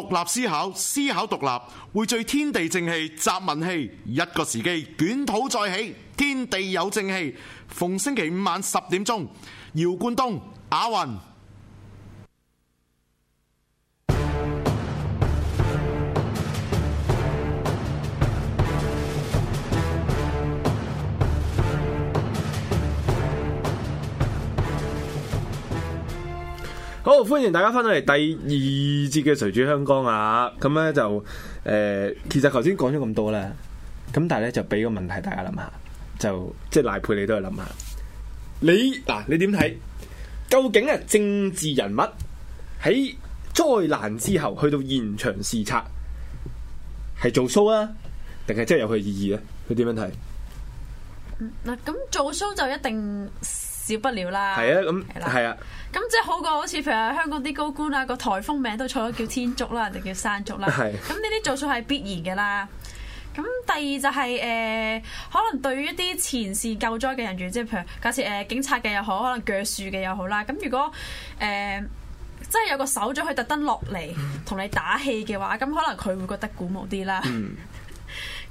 獨立思考，思考獨立，匯聚天地正氣，集文氣，一個時機，捲土再起，天地有正氣。逢星期五晚十點鐘，姚冠東亞雲。好，歡迎大家翻到嚟，第二節嘅誰主香江」啊！咁咧就誒、呃，其實頭先講咗咁多咧，咁但係咧就俾個問題大家諗下，就即係賴珮想想，你都去諗下。你嗱，你點睇？究竟啊，政治人物喺災難之後去到現場視察，係做 show 啊，定係真係有佢意義啊？佢點樣睇？嗱，咁做 show 就一定。少不了啦，係啊，咁、嗯、係啦啊，咁即係好過好似譬如香港啲高官啊，個颱風名都錯咗叫天竺啦，定叫山竹啦，係、啊，咁呢啲做數係必然嘅啦。咁第二就係、是、誒、呃，可能對於啲前線救災嘅人員，即係譬如假設誒、呃、警察，嘅又好，可能鋸樹嘅又好啦，咁如果誒即係有個首長去特登落嚟同你打氣嘅話，咁可能佢會覺得鼓舞啲啦。嗯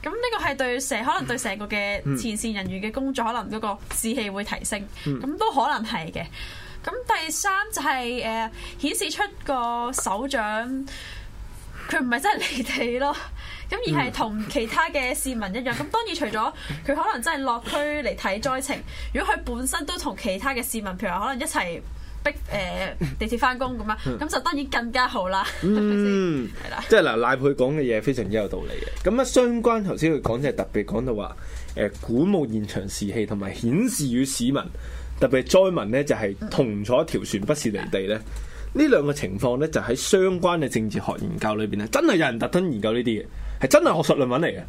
咁呢個係對成可能對成個嘅前線人員嘅工作，可能嗰個士氣會提升，咁都可能係嘅。咁第三就係、是、誒、呃、顯示出個首長，佢唔係真係離地咯，咁而係同其他嘅市民一樣。咁當然除咗佢可能真係落區嚟睇災情，如果佢本身都同其他嘅市民，譬如可能一齊逼誒、呃、地鐵翻工咁啊，咁 就當然更加好啦，係咪啦？ 吧即係嗱，賴珮講嘅嘢非常之有道理嘅。咁啊，相關頭先佢講嘅特別講到話，誒鼓舞現場士氣同埋顯示與市民，特別災民呢，就係、是、同坐一條船，不是離地咧。嗯嗯。呢兩個情況咧，就喺、是、相關嘅政治學研究裏邊咧，真係有人特登研究呢啲嘢，係真係學術論文嚟嘅。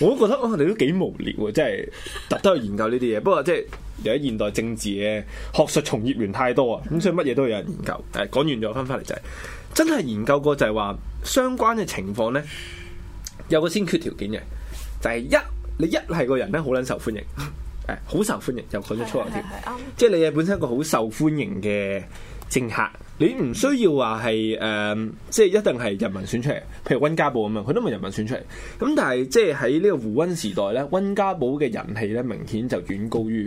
我都覺得我哋、啊、都幾無聊，即係特登去研究呢啲嘢。不過即係而喺現代政治嘅學術從業員太多啊，咁所以乜嘢都有人研究。誒，講完咗翻翻嚟就係、是、真係研究過就係話相關嘅情況咧，有個先決條件嘅，就係、是、一你一係個人咧好捻受歡迎，誒、哎，好受歡迎就講咗粗口添，即係你本身一個好受歡迎嘅，政客，你唔需要話係誒，即係一定係人民選出嚟。譬如溫家寶咁樣，佢都唔係人民選出嚟。咁但係即係喺呢個胡溫時代咧，溫家寶嘅人氣咧明顯就遠高於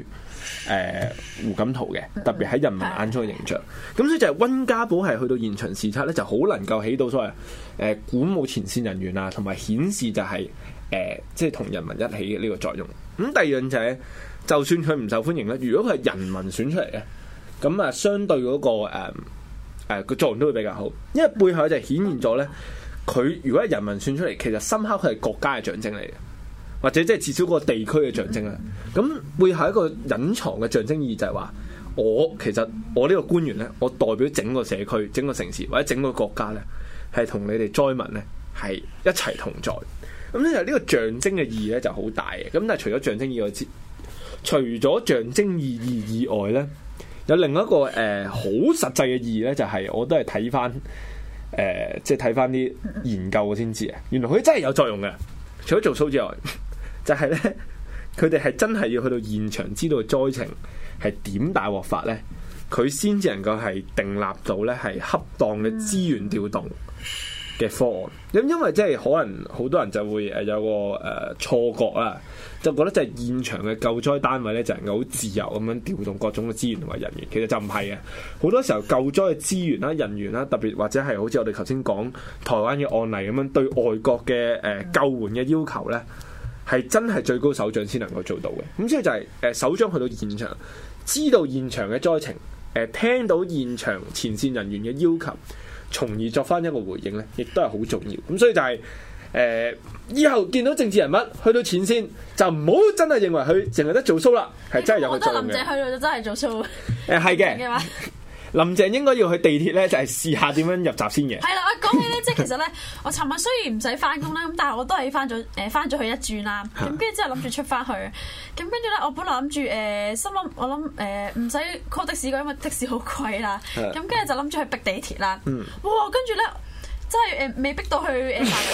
誒、呃、胡錦濤嘅，特別喺人民眼中嘅形象。咁所以就係溫家寶係去到現場視察咧，就好能夠起到所謂誒鼓舞前線人員啊，同埋顯示就係、是、誒、呃、即係同人民一起嘅呢個作用。咁第二樣就係、是，就算佢唔受歡迎啦，如果佢係人民選出嚟嘅。咁、那個、啊，相對嗰個誒誒個作用都會比較好，因為背後就顯現咗咧，佢如果係人民選出嚟，其實深刻係國家嘅象徵嚟嘅，或者即係至少個地區嘅象徵啦。咁背後一個隱藏嘅象徵意義就，就係話我其實我呢個官員咧，我代表整個社區、整個城市或者整個國家咧，係同你哋災民咧係一齊同在。咁其實呢個象徵嘅意義咧就好大嘅。咁但係除咗象徵意義之外咧。有另一個誒好、呃、實際嘅意義呢，就係、是、我都係睇翻誒，即係睇翻啲研究先知啊，原來佢真係有作用嘅。除咗做數之外，就係、是、呢，佢哋係真係要去到現場，知道災情係點大鑊法呢。佢先至能夠係訂立到呢，係恰當嘅資源調動。嘅方案咁，因為即係可能好多人就會誒有個誒、呃、錯覺啦，就覺得即係現場嘅救災單位咧就能夠好自由咁樣調動各種嘅資源同埋人員，其實就唔係嘅。好多時候救災嘅資源啦、人員啦，特別或者係好似我哋頭先講台灣嘅案例咁樣，對外國嘅誒、呃、救援嘅要求咧，係真係最高首長先能夠做到嘅。咁所以就係、是、誒、呃、首長去到現場，知道現場嘅災情，誒、呃、聽到現場前線人員嘅要求。從而作翻一個回應咧，亦都係好重要。咁所以就係、是、誒、呃，以後見到政治人物去到前線，就唔好真係認為佢淨係得做 show 啦，係其實 真係有佢做嘅。我覺得林鄭去到就真係做 show，呃。誒係嘅。 林鄭應該要去地鐵咧，就係試下點樣入閘先嘅。係啦，講起咧，即係其實咧，我尋日雖然唔使翻工啦，咁但係我都係翻咗誒翻咗去一轉啦。咁跟住之後諗住出翻去，咁跟住咧，我本來諗住誒心諗我諗誒唔使 call 的士，因為的士好貴啦。咁跟住就諗住去逼地鐵啦。哇！跟住咧，真係誒未逼到去，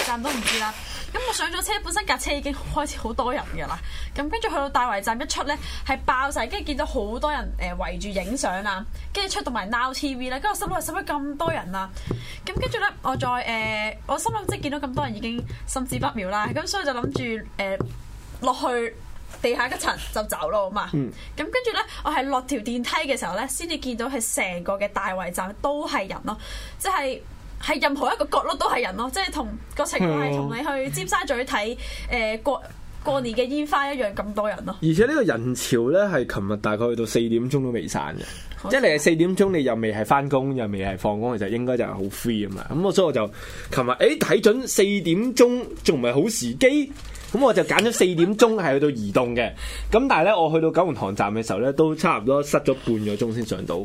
站都唔知啦。咁我上咗車，本身架車已經開始好多人嘅啦。咁跟住去到大圍站一出咧，係爆晒。跟住見到好多人誒圍住影相啊。跟住出到埋 now TV 咧，跟住我心諗係使乜咁多人啊？咁跟住咧，我再誒、呃，我心諗即係見到咁多人已經心知不妙啦。咁所以就諗住誒落去地下一層就走咯，好嘛。咁、嗯、跟住咧，我係落條電梯嘅時候咧，先至見到係成個嘅大圍站都係人咯，即係。係任何一個角落都係人咯，啊，即係同個情況係同你去尖沙咀睇誒、呃、過過年嘅煙花一樣咁多人咯，啊。而且呢個人潮呢，係琴日大概去到四點鐘都未散嘅，Okay. 即係你係四點鐘你又未係翻工又未係放工，嘅時候，應該就係好 free 吖嘛。咁我所以我就琴日誒睇準四點鐘仲唔係好時機，咁我就揀咗四點鐘係去到移動嘅。咁但係呢，我去到九龍塘站嘅時候呢，都差唔多塞咗半個鐘先上到。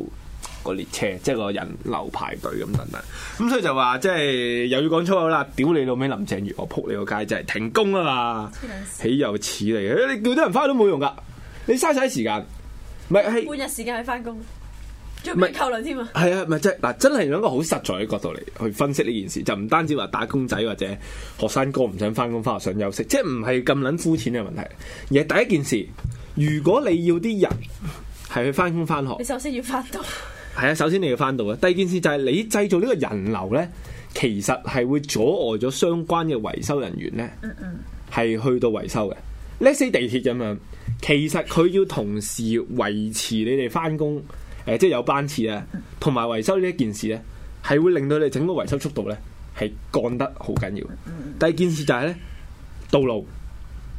個列車即係個人流排隊咁等等，咁所以就話即係又要講粗口啦！屌你老味，林鄭月娥扑你個街，真係停工啊嘛！豈有此理！哎、你叫啲人翻都冇用噶，你嘥晒啲時間，唔係半日時間去翻工，仲要扣糧添啊！係啊，唔係即係嗱，真係用一個好實在嘅角度嚟,去分析呢件事，就唔單止話打工仔或者學生哥唔想翻工翻學想休息，即係唔係咁捻膚淺嘅問題，而係第一件事，如果你要啲人係去翻工翻學，你首先要翻到。係啊，首先你要翻到嘅。第二件事就係你製造呢個人流呢，其實係會阻礙咗相關嘅維修人員呢，係、嗯嗯、去到維修嘅。類似地鐵咁樣，其實佢要同時維持你哋翻工，誒、呃，即係有班次啊，同埋維修呢一件事呢，係會令到你整個維修速度呢，係降得好緊要。第二件事就係呢，道路。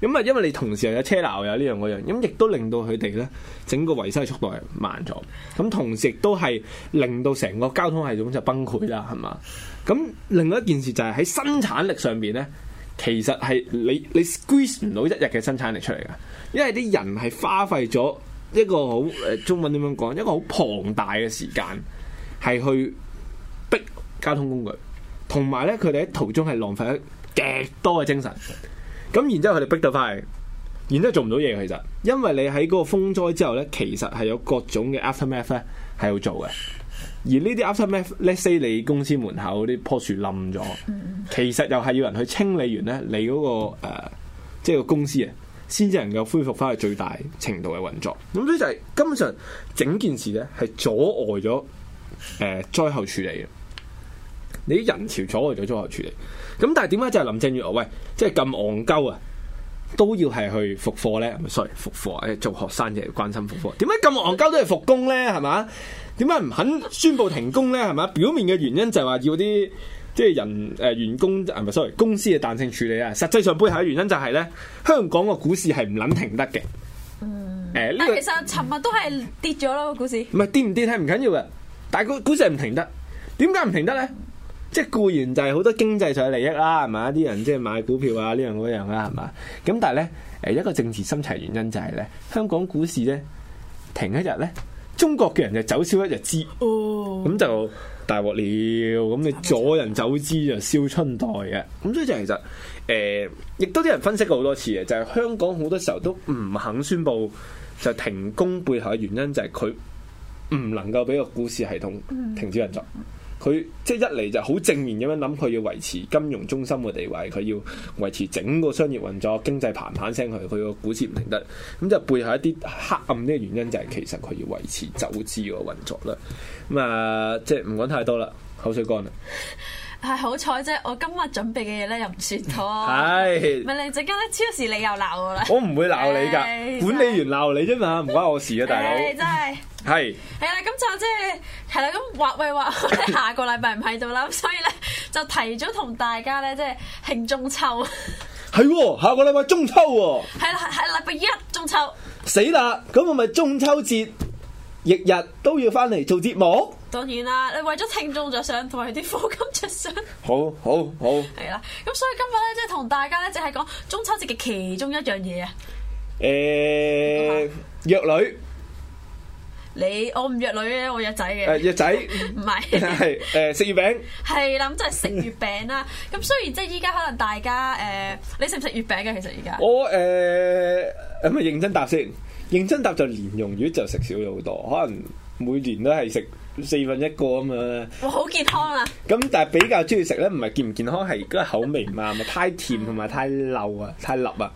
咁啊，因為你同時又有車流有呢樣嗰樣，咁亦都令到佢哋呢整個維修速度係慢咗。咁同時亦都係令到成個交通系統就崩潰啦，係嘛？咁另外一件事就係喺生產力上邊呢，其實係你你 squeeze 唔到一日嘅生產力出嚟㗎，因為啲人係花費咗一個好誒中文點樣講，一個好龐大嘅時間係去逼交通工具，同埋呢，佢哋喺途中係浪費咗極多嘅精神。咁然之後佢哋逼到翻去，然之後做唔到嘢。其實，因為你喺嗰個風災之後呢，其實係有各種嘅 aftermath 咧，係要做嘅。而呢啲 aftermath，let's say 你公司門口啲棵樹冧咗，其實又係要人去清理完呢你嗰，那個誒、即，呃、係、就是，個公司啊，先至能夠恢復翻去最大程度嘅運作。咁 所以就係根本上，整件事呢係阻礙咗誒災後處理嘅。你啲人潮阻礙咗災後處理。你咁但係點解就係林鄭月娥喂，即係咁戇鳩啊，都要係去復課咧？唔係 sorry，復課誒，做學生嘅關心復課。點解咁戇鳩都係復工咧？係嘛？點解唔肯宣布停工咧？係嘛？表面嘅原因就係話要啲即係人誒、呃、員工係咪 sorry，公司嘅彈性處理啊。實際上背後嘅原因就係咧，香港嘅股市係唔撚停得嘅。誒、嗯，呃、但其實尋日都係跌咗咯，股市。唔係跌唔跌係唔緊要嘅，但係個股市係唔停得。點解唔停得咧？即係固然就係好多經濟上嘅利益啦，係嘛？啲人即係買股票啊呢樣嗰樣啦，係嘛？咁但係咧，誒一個政治心齊原因就係咧，香港股市咧停一日咧，中國嘅人就走少一日資，咁、哦、就大鑊了。咁你阻人走資就燒春袋嘅。咁、哦、所以就其實誒，亦、呃、都啲人分析過好多次嘅，就係、是、香港好多時候都唔肯宣布就停工，背後嘅原因就係佢唔能夠俾個股市系統停止運作。嗯佢即係一嚟就好正面咁樣諗，佢要維持金融中心嘅地位，佢要維持整個商業運作、經濟嘭嘭聲，佢佢個股市唔停得，咁、嗯、就背後一啲黑暗嘅原因就係其實佢要維持走資個運作啦。咁、嗯、啊，即係唔講太多啦，口水乾啦。係好彩啫，我今日準備嘅嘢咧又唔算多。係的，咪你陣間咧？超時你又鬧我啦！我唔會鬧你噶，管理員鬧你啫嘛，唔關我事啊，大佬。真係。係。係啦，咁就即係係啦。咁華偉華下個禮拜唔喺度啦，咁所以咧就提早同大家咧即係慶中秋。係喎，下個禮拜中秋喎、啊。係啦，係禮拜一中秋。死啦！咁我咪中秋節日日都要翻嚟做節目。當然啦，你為咗聽眾着想，同埋啲苦金着想，好，好，好。係啦，咁所以今日咧，即係同大家咧，淨係講中秋節嘅其中一樣嘢啊。誒，約女。你我唔約女嘅，我約仔嘅。誒，約仔。唔係。係誒食月餅。係啦，咁即係食月餅啦。咁雖然即係依家可能大家誒，你食唔食月餅嘅？其實而家。我誒咁啊，認真答先。認真答就蓮蓉月就食少咗好多，可能每年都係食。四分一個啊嘛，哇好健康啊！咁但係比較鍾意食咧，唔係健唔健康，係嗰個口味嘛，咪太甜同埋 太溜啊，太辣啊，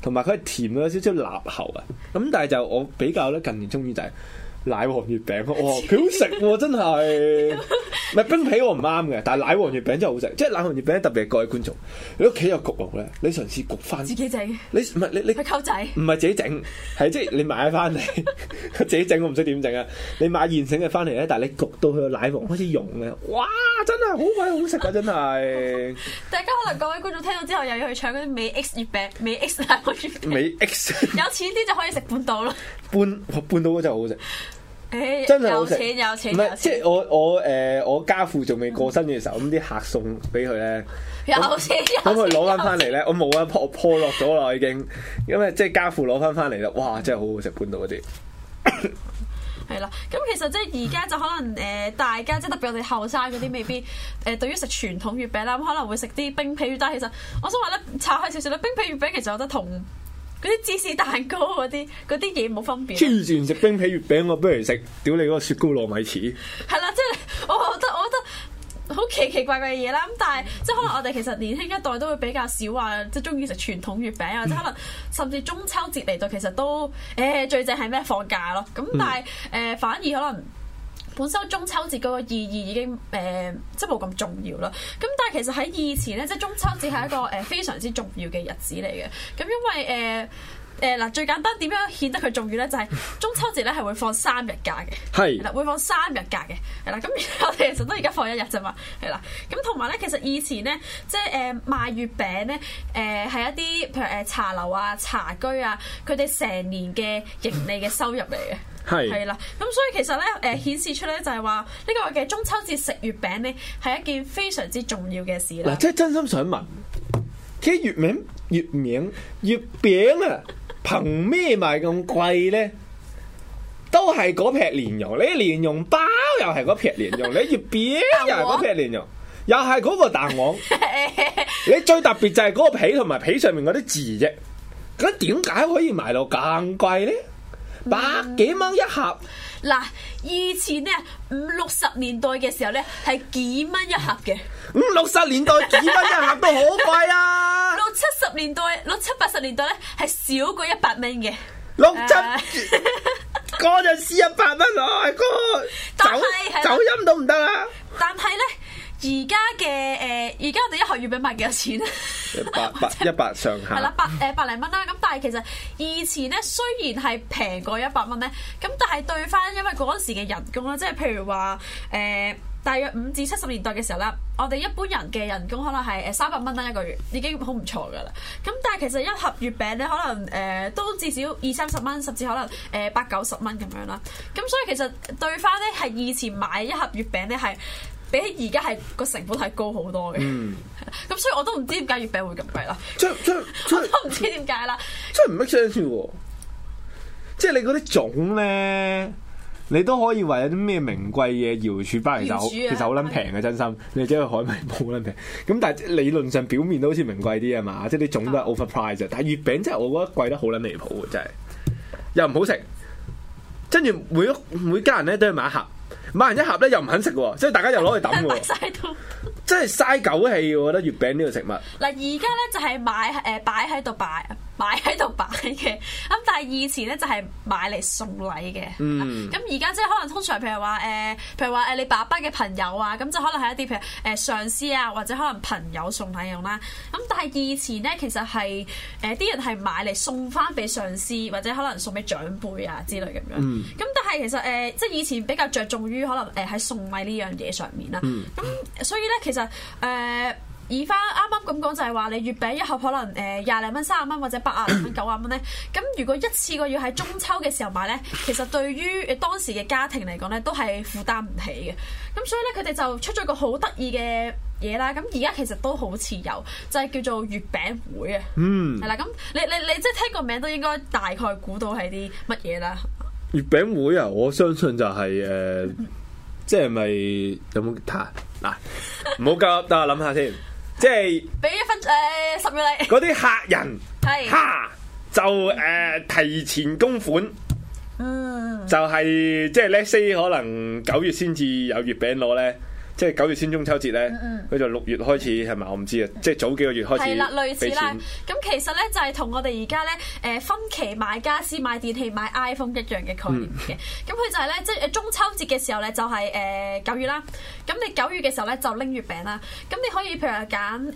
同埋佢係甜咗少少辣喉啊。咁但係就我比較咧，近年鍾意就係、是。奶皇月餅，哇，幾好食喎，啊！真係，唔係 冰皮我唔啱嘅，但係奶皇月餅真係好食。即係奶皇月餅特別係各位觀眾，你屋企有焗爐咧，你嘗試焗翻，自己整，就是，你唔係你你，咪溝仔，唔係自己整，係即係你買翻嚟自己整，我唔識點整啊！你買現成嘅翻嚟咧，但係你焗到佢個奶皇開始溶嘅，哇！真係好鬼好食啊，真係。 大家可能各位觀眾聽到之後，又要去搶嗰啲美 X 月餅，美 X 奶皇月餅。美 X。 有錢啲就可以食半島咯。半，半島嗰隻好好食。誒，欸、真係好食！唔係，即係我我誒我家父仲未過身嘅時候，咁啲客送俾佢咧，有錢。咁佢攞翻翻嚟咧，我冇啊，破破落咗啦，已經。咁啊，即係家父攞翻翻嚟啦，哇，真係好好食！廣東嗰啲係啦，咁其實即係而家就可能誒，大家即係特別我哋後生嗰啲，未必誒、 呃、對於食傳統月餅啦，咁可能會食啲冰皮月餅。但其實我想話咧，炒開少少咧，冰皮月餅其實有得同。嗰啲芝士蛋糕嗰啲，嗰啲嘢冇分別。黐前食冰皮月餅，啊，我不如食屌你嗰個雪糕糯米糍。係啦， 即係我覺得，我覺得好奇奇怪怪嘅嘢啦。咁但係，即係可能我哋其實年輕一代都會比較少話，即係中意食傳統月餅啊。即可能甚至中秋節嚟到，其實都誒、欸、最正係咩放假咯。咁但係誒、嗯呃，反而可能。本身中秋節嗰個意義已經誒、呃，即係冇咁重要啦。咁但係其實喺以前咧，即係中秋節係一個誒、呃、非常之重要嘅日子嚟嘅。咁因為誒、呃誒嗱，最簡單點樣顯得佢重要咧？就係、是、中秋節咧係會放三日假嘅，係嗱 會放三日假嘅，係啦咁。我哋其實都而家放一日咋嘛，係啦。咁同埋咧，其實以前咧，即係誒賣月餅咧，誒係一啲譬如誒茶樓啊、茶居啊，佢哋成年嘅盈利嘅收入嚟嘅，係係啦。咁所以其實咧，誒、呃、顯示出咧就係話呢個嘅中秋節食月餅咧係一件非常之重要嘅事。嗱，即係真心想問，其實月名？月名？月餅啊！憑咩賣咁貴咧？都係嗰撇蓮蓉，你蓮蓉包又係嗰撇蓮蓉， 你月餅又係嗰劈蓮蓉，又係嗰個蛋黃， 你最特別就係嗰個皮同埋皮上面嗰啲字啫。咁點解可以賣到咁貴咧？百幾蚊一盒。嗱，以前咧，五六十年代嘅時候咧，係幾蚊一盒嘅。五六十年代幾蚊一,一盒都好貴啊。 六七十年代，六七八十年代咧，係少過一百蚊嘅。六七嗰陣時一百蚊啊，哥、那個。 走 走音都唔得啊？ 但係咧。而家嘅誒，而家、呃、我哋一盒月餅賣幾多錢咧？百百者一百上下係啦， 百誒、呃、百零蚊啦。咁但係其實以前咧，雖然係平過一百蚊咧，咁但係對翻，因為嗰陣時嘅人工啦，即係譬如話誒、呃，大約五至七十年代嘅時候咧，我哋一般人嘅人工可能係誒三百蚊啦一個月，已經好唔錯噶啦。咁但係其實一盒月餅咧，可能誒、呃、都至少二三十蚊，甚至可能誒八九十蚊咁樣啦。咁所以其實對翻咧，係以前買一盒月餅咧係。比起而家係個成本係高好多嘅，咁、嗯、 所以我都唔知點解月餅會咁貴啦。真真真，我都唔知點解啦。真唔 make sense 喎、啊，即係你嗰啲種咧，你都可以為啲咩名貴嘅瑤柱包嚟實、啊、其實好撚平嘅，真心你只係海味鋪好撚平。咁但係理論上表面都好似名貴啲啊嘛，即係啲種都係 overpriced 的但係月餅真係我覺得貴得好撚離譜嘅，真係又唔好食。跟住每每家人咧都要買一盒。買完一盒咧又唔肯食喎，所以大家又攞去抌喎，即係嘥狗氣，我覺得月餅呢個食物。嗱，而家咧就係買誒，擺喺度擺啊。擺喺度擺嘅，咁但係以前咧就係買嚟送禮嘅，咁而家即係可能通常譬如話誒、呃，譬如話誒你爸爸嘅朋友啊，咁就可能係一啲譬如誒上司啊，或者可能朋友送禮用啦。咁但係以前咧其實係誒啲人係買嚟送翻俾上司，或者可能送俾長輩啊之類咁樣。咁、嗯、但係其實誒、呃，即係以前比較着重於可能誒喺送禮呢樣嘢上面啦。咁、嗯嗯、所以咧其實誒。呃而翻啱啱咁講就係話你月餅一盒可能誒廿零蚊、三十蚊或者八廿蚊、九廿蚊咧，咁如果一次過要喺中秋嘅時候買咧，其實對於當時嘅家庭嚟講咧，都係負擔唔起嘅。咁所以咧，佢哋就出咗個好得意嘅嘢啦。咁而家其實都好似有，就係、是、叫做月餅會啊。嗯，係啦。咁你你你即係聽個名都應該大概估到係啲乜嘢啦？月餅會啊，我相信就係、是、誒，即係咪有冇睇嗱？唔、啊、好急，等我諗下先。 即係俾一分誒十月禮，嗰啲客人係吓 就誒、呃、提前供款，嗯、 就是，就係即係咧，say 可能九月先至有月餅攞咧。即係九月先中秋節咧，佢、嗯嗯、就六月開始係咪？我唔知啊，嗯、即係早幾個月開始、嗯、類似啦俾錢。咁其實咧就係同我哋而家咧誒分期買家私、買電器、買 iPhone 一樣嘅概念嘅。咁佢、嗯、就係咧，即係中秋節嘅時候咧，就係誒九月啦。咁你九月嘅時候咧就拎月餅啦。咁你可以譬如話揀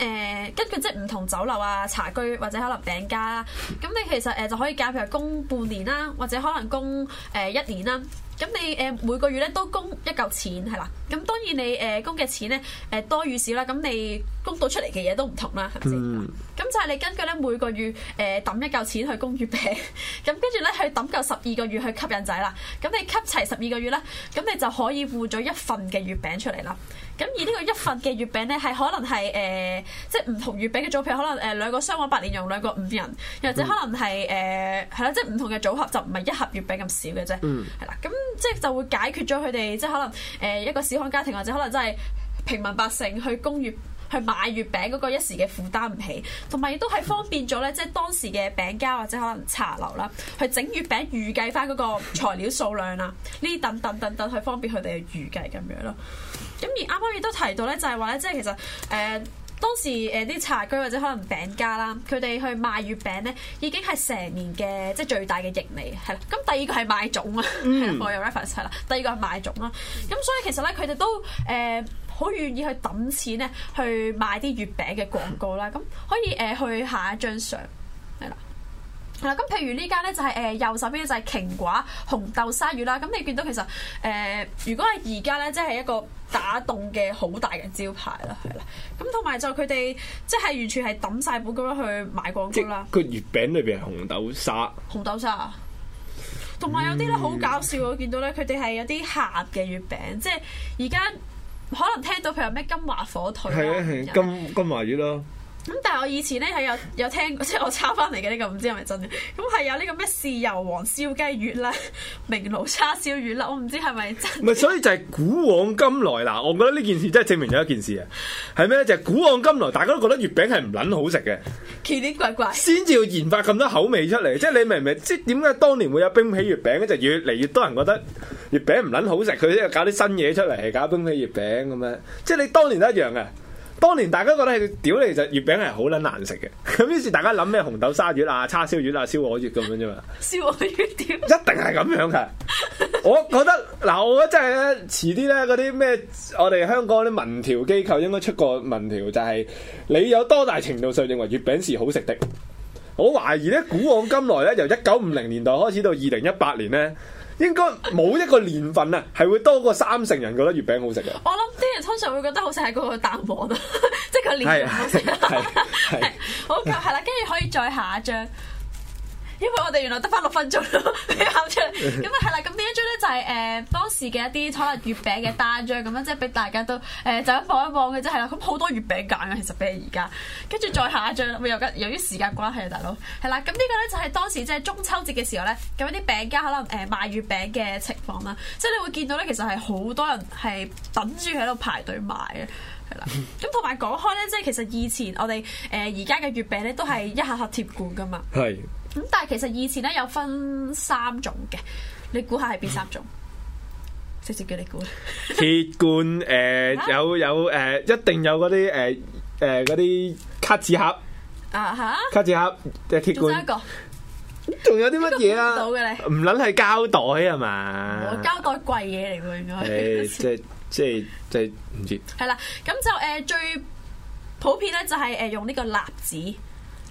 根據即係唔同酒樓啊、茶居或者可能餅家啦。咁你其實誒就可以揀，譬如供半年啦，或者可能供誒一年啦。咁你誒每個月咧都供一嚿錢係啦，咁當然你誒供嘅錢咧誒多與少啦，咁你供到出嚟嘅嘢都唔同啦，咁、嗯、就係你根據咧每個月誒抌、呃、一嚿錢去供月餅，咁跟住咧去抌夠十二個月去吸引仔啦。咁你吸齊十二個月咧，咁你就可以換咗一份嘅月餅出嚟啦。咁而呢個一份嘅月餅咧，係可能係誒、呃、即係唔同月餅嘅組別，可能誒兩個雙黃白蓮蓉兩個五人，又或者可能係誒係啦，即係唔同嘅組合就唔係一盒月餅咁少嘅啫，係啦、嗯。咁即係就會解決咗佢哋即係可能誒、呃、一個小康家庭或者可能真係平民百姓去供月。去買月餅嗰個一時嘅負擔唔起，同埋亦都係方便咗咧，即係當時嘅餅家或者可能茶樓啦，去整月餅預計翻嗰個材料數量啦，呢等等等等，去方便佢哋嘅預計咁樣咯。咁而啱啱亦都提到咧，就係話咧，即係其實誒、呃、當時誒啲茶居或者可能餅家啦，佢哋去賣月餅咧，已經係成年嘅即係最大嘅盈利。係啦，咁第二個係賣粽啊，係啦、嗯， 我有 reference 係啦，第二個係賣粽啦。咁所以其實咧，佢哋都誒、呃好願意去揼錢咧，去買啲月餅嘅廣告啦，咁可以誒、呃、去下一張相，係啦，係啦。咁譬如呢間咧就係、是、誒、呃、右手邊就係瓊華紅豆沙月啦。咁你見到其實誒、呃，如果係而家咧，即係一個打動嘅好大嘅招牌啦，係啦。咁同埋就佢哋即係完全係揼晒本咁樣去買廣告啦。個月餅裏邊係紅豆沙，紅豆沙。同埋有啲咧好搞笑，我見到咧佢哋係有啲鹹嘅月餅，即係而家。可能聽到佢有咩金華火腿係啊，係啊，金金華魚咯。咁但係我以前咧係有有聽過，即係我抄翻嚟嘅呢個是是，唔知係咪真嘅？咁係有呢個咩豉油皇燒雞月啦、明爐叉燒月啦，我唔知係咪真。唔係，所以就係古往今來嗱，我覺得呢件事真係證明咗一件事啊，係咩？就係古往今來，就是、今來大家都覺得月餅係唔撚好食嘅，奇奇怪怪，先至要研發咁多口味出嚟。即係你明唔明？即係點解當年會有冰皮月餅咧？就越嚟越多人覺得月餅唔撚好食，佢就搞啲新嘢出嚟，搞冰皮月餅咁樣。即係你當年一樣嘅。當年大家覺得係屌你就月餅係好撚難食嘅，咁於是大家諗咩紅豆沙月啊、叉燒月啊、燒鵝月咁樣啫嘛。燒鵝月一定係咁樣噶。我覺得嗱，我覺得真係咧，遲啲咧，嗰啲咩我哋香港啲民調機構應該出過民調，就係、是、你有多大程度上認為月餅是好食的？我懷疑咧，古往今來咧，由一九五零年代開始到二零一八年咧。應該冇一個年份啊，係會多過三成人覺得月餅好食嘅。我諗啲人通常會覺得好食係嗰個蛋黃啊，即係佢年份好食。好，咁係啦，跟住可以再下一張。因為我哋原來得翻六分鐘咯 呵呵、 嗯，你喊出嚟咁啊，係啦。咁呢一張咧就係、是、誒當時嘅一啲可能月餅嘅單張咁樣，即係俾大家都誒就咁望一望嘅啫。係啦，咁好多月餅揀嘅其實比而家。跟住再下一張，咪有由於時間關係啊，大佬係啦。咁呢、嗯嗯這個咧就係當時即係、就是、中秋節嘅時候咧，咁一啲餅家可能誒賣月餅嘅情況啦，即係你會見到咧，其實係好多人係等住喺度排隊買嘅。係啦，咁同埋講開咧，即係其實以前我哋誒而家嘅月餅咧都係一下下鐵罐噶嘛。係。 咁但係其實以前咧有分三種嘅，你估下係邊三種？直接叫你估。鐵罐誒，有有誒，一定有嗰啲誒誒嗰啲卡紙盒啊吓？卡紙盒即係鐵罐，仲有一個，仲有啲乜嘢啊？到嘅你，唔捻係膠袋啊嘛？膠袋貴嘢嚟喎，應該。誒，即係即係即係唔知。係啦，咁就誒最普遍咧就係誒用呢個蠟紙。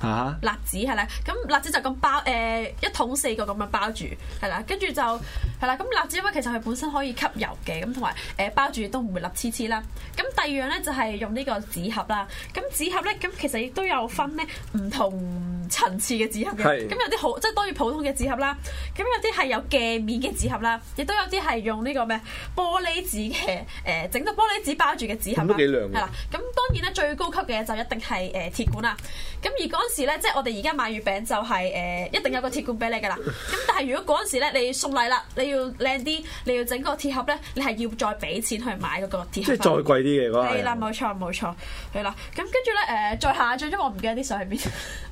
嚇！蠟紙係啦，咁蠟紙就咁包，誒一桶四個咁樣包住，係啦，跟住就係啦。咁蠟紙因為其實佢本身可以吸油嘅，咁同埋誒包住都唔會立黐黐啦。咁第二樣咧就係用呢個紙盒啦。咁紙盒咧，咁其實亦都有分咧唔同。層次嘅紙盒嘅，咁是有啲好，即係多於普通嘅紙盒啦。咁有啲係有鏡面嘅紙盒啦，亦都有啲係用呢個咩玻璃紙嘅誒，整到玻璃紙包住嘅紙盒啦。係啦，咁當然咧最高級嘅就一定係誒、呃、鐵罐啦。咁而嗰陣時咧，即係我哋而家買月餅就係、是、誒、呃、一定有一個鐵罐俾你㗎啦。咁但係如果嗰陣時咧你送禮啦，你要靚啲，你要整個鐵盒咧，你係要再俾錢去買嗰個鐵盒、啊。即係再貴啲嘅嗰個。係啦，冇錯冇錯，係啦。咁跟住咧誒，再下最咗，我唔記得啲喺邊。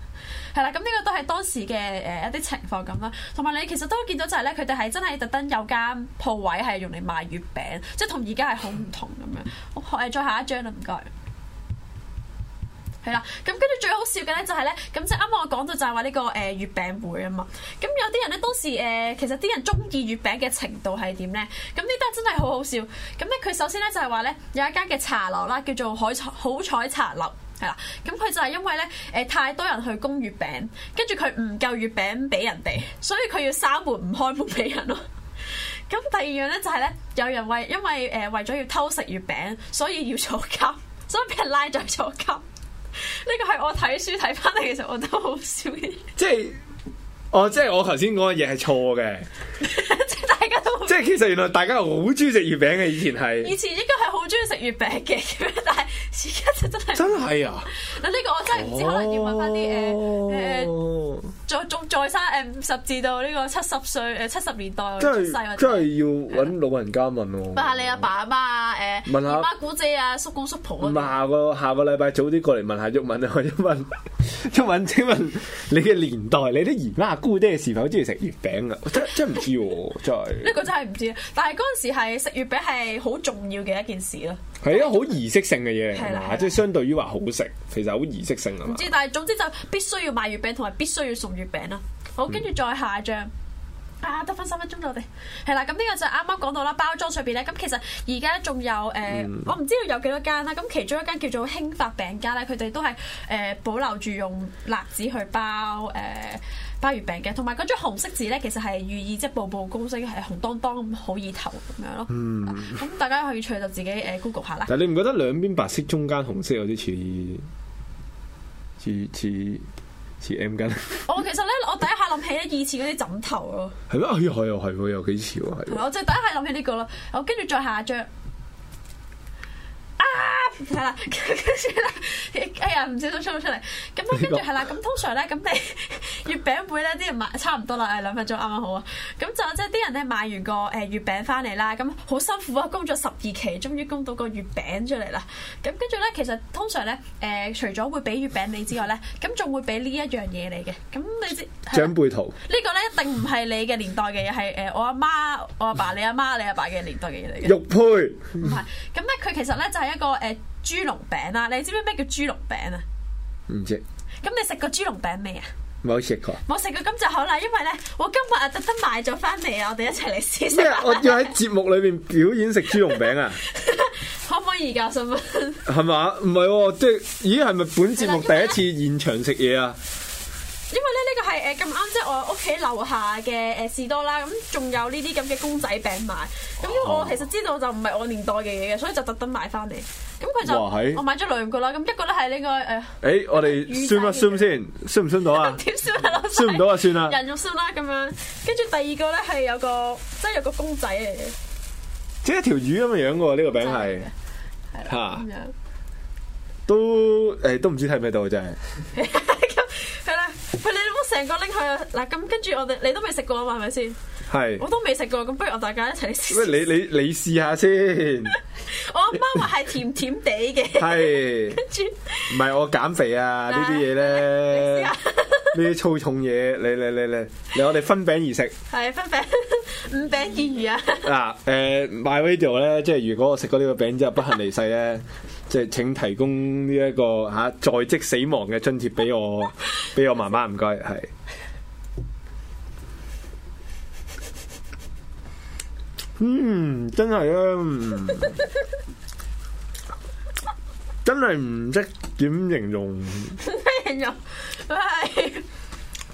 係啦，咁呢個都係當時嘅誒、呃、一啲情況咁啦，同埋你其實都見到就係、是、咧，佢哋係真係特登有間鋪位係用嚟賣月餅，即、就、係、是、同而家係好唔同咁樣。好，誒，再下一張啦，唔該。係啦，咁跟住最好笑嘅咧就係、是、咧，咁即啱啱我講到就係話呢個誒、呃、月餅會啊嘛，咁有啲人咧當時誒、呃、其實啲人中意月餅嘅程度係點咧？咁呢單真係好好笑。咁咧佢首先咧就係話咧有一間嘅茶樓啦，叫做海好彩茶樓。係啦，咁佢、嗯、就係因為咧，誒、呃、太多人去供月餅，跟住佢唔夠月餅俾人哋，所以佢要閂門唔開門俾人咯。咁、嗯、第二樣咧就係咧，有人為因為誒、呃、為咗要偷食月餅，所以要坐監，所以俾人拉咗去坐監。呢個係我睇書睇翻嚟，其實我都好笑。即係，哦，即係我頭先講嘅嘢係錯嘅。 即係大家都，即係其實原來大家好中意食月餅嘅以前係。以前，以前應該係好中意食月餅嘅，但係。而家就真係，真係啊！嗱，呢個我真係唔知，oh、可能要問翻啲誒誒。欸欸 oh 再再生誒五十至到呢個七十歲誒七十年代出世或真係要揾老人家問喎、啊。問下你阿爸阿媽啊誒、欸、姨媽姑姐啊叔公叔婆啊。下個下個禮拜早啲過嚟問下旭文啊！旭文，旭 文請問你嘅年代，你啲姨媽姑爹是否鍾意食月餅㗎？真真唔知喎、啊，真係。呢 個真係唔知，但係嗰陣時係食月餅係好重要嘅一件事咯。係啊，好儀式性嘅嘢係啦，即係相對於話好食，其實好儀式性唔知，但係總之就必須要買月餅同埋必須要送月餅啦， 好，跟住再下一張啊，得翻三分鐘我哋係啦，咁呢個就啱啱講到啦，包裝上邊咧，咁其實而家仲有誒、呃，我唔知道有幾多間啦、啊，咁其中一間叫做興發餅家咧，佢哋都係誒、呃、保留住用蠟紙去包誒、呃、包月餅嘅，同埋嗰張紅色字咧，其實係寓意即、就是、步步高升，係紅噹噹咁好意頭咁樣咯。嗯、啊，咁大家可以隨就自己誒、呃、 Google 下啦。但你唔覺得兩邊白色中間紅色有啲似似似？似 M 巾， 我其實咧，我第一下諗起咧，以前嗰啲枕頭咯、啊。係咩？係又係喎，又幾潮喎、啊。係，我就第一下諗起呢個咯。我跟住再下一張。係啦，跟住咧、嗯， 哎呀，唔少都出到出嚟。咁啊，跟住係啦，咁通常咧，咁你月餅會咧啲人買差唔多啦，誒，兩分鐘啱啱好啊。咁就即係啲人咧買完個誒月餅翻嚟啦，咁好辛苦啊，供咗十二期，終於供到個月餅出嚟啦。咁跟住咧，其實通常咧，誒、呃，除咗會俾月餅你之外咧，咁仲會俾呢一樣嘢嚟嘅。咁你知？長輩圖呢個咧，一定唔係你嘅年代嘅嘢，係誒我阿媽、我阿爸，爸、你阿媽、你阿爸嘅年代嘅嘢嚟嘅。玉佩唔係，咁咧佢其實咧就係、是、一個誒。呃豬籠餅啊，你知唔知咩叫豬籠餅啊？唔知。咁你食過豬籠餅未啊？冇食過。冇食過，咁就好啦，因為咧，我今日特登買咗翻嚟啊，我哋一齊嚟試食。即係我要喺節目裏面表演食豬籠餅啊！ 可唔可以教十蚊？係嘛？唔係喎，即係、哦，咦，係咪本節目第一次現場食嘢啊因呢？因為咧，咧。誒，咁啱即係我屋企樓下嘅誒士多啦，咁仲有呢啲咁嘅公仔餅賣，咁、oh. 因為我其實知道就唔係我年代嘅嘢嘅，所以就特登買翻嚟。咁佢就、oh. 我買咗兩個啦，咁一個咧係呢個誒。誒、呃，欸、一我哋算唔算先？ 算唔算到啊？點算啊？算唔到就算啦。 人肉算啦，咁樣。跟住第二個咧係有個，即係有個公仔嚟嘅，即係條魚咁嘅樣呢個餅係。吓、嗯欸。都誒，都唔知睇咩度，真係。佢你冇成個拎去啊！嗱咁，跟住我哋你都未食過啊，嘛？係咪先？係。我都未食過，咁不如我大家一齊嚟試。喂，你你你試下先。我阿媽話係甜甜地嘅。係。跟住，唔係我減肥啊，呢啲嘢咧，呢啲粗重嘢，嚟嚟嚟嚟！你，你 我哋分餅而食。係分餅，五餅二魚啊。嗱 誒，My Radio 咧，即係如果我食咗呢個餅之後不幸離世咧。 即係請提供呢一個嚇在職死亡嘅津貼俾我，俾我媽媽。唔該，係。嗯，真係啊，真係唔識點形容。點形容？佢係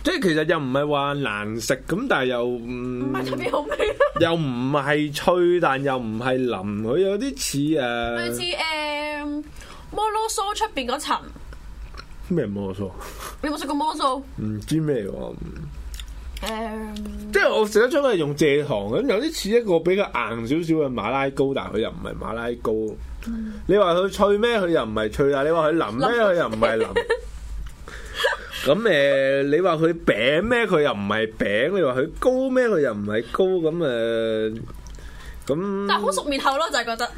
即係其實又唔係話難食咁，但係又唔又唔係脆，但又唔係腍，佢有啲似誒，類似誒。摩羅酥出邊嗰層咩？摩羅酥？ 你有冇食過摩羅酥？唔知咩喎？誒、嗯，嗯、即係我食得出佢係用蔗糖咁，有啲似一個比較硬少少嘅馬拉糕，但係佢又唔係馬拉糕。嗯、你話佢脆咩？佢又唔係脆啦。你話佢腍咩？佢又唔係腍。咁 誒、嗯，你話佢餅咩？佢又唔係餅。你話佢糕咩？佢又唔係糕。咁、嗯、誒，咁、嗯嗯嗯、但係好熟面後咯，就係覺得。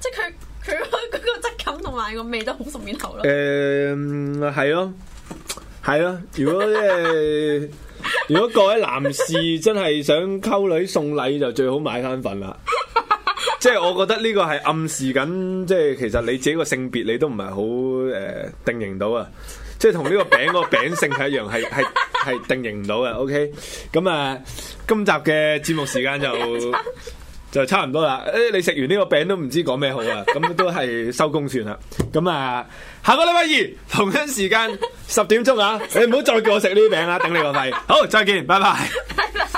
即係佢，佢嗰個質感同埋個味都好熟面口咯。誒、啊，係咯，係咯。如果即係 如果各位男士真係想溝女送禮，就最好買翻份啦。即係 我覺得呢個係暗示緊，即係其實你自己個性別你都唔係好誒定型到啊。即係同呢個餅個餅性係一樣，係，係係定型唔到啊。OK，咁啊，今集嘅節目時間就。 就差唔多啦，誒、欸、你食完呢個餅都唔知講咩好啊，咁都係收工算啦。咁啊，下個禮拜二同樣時間 十點鐘啊，你唔好再叫我食呢啲餅啊，頂你個肺！好，再見，拜拜。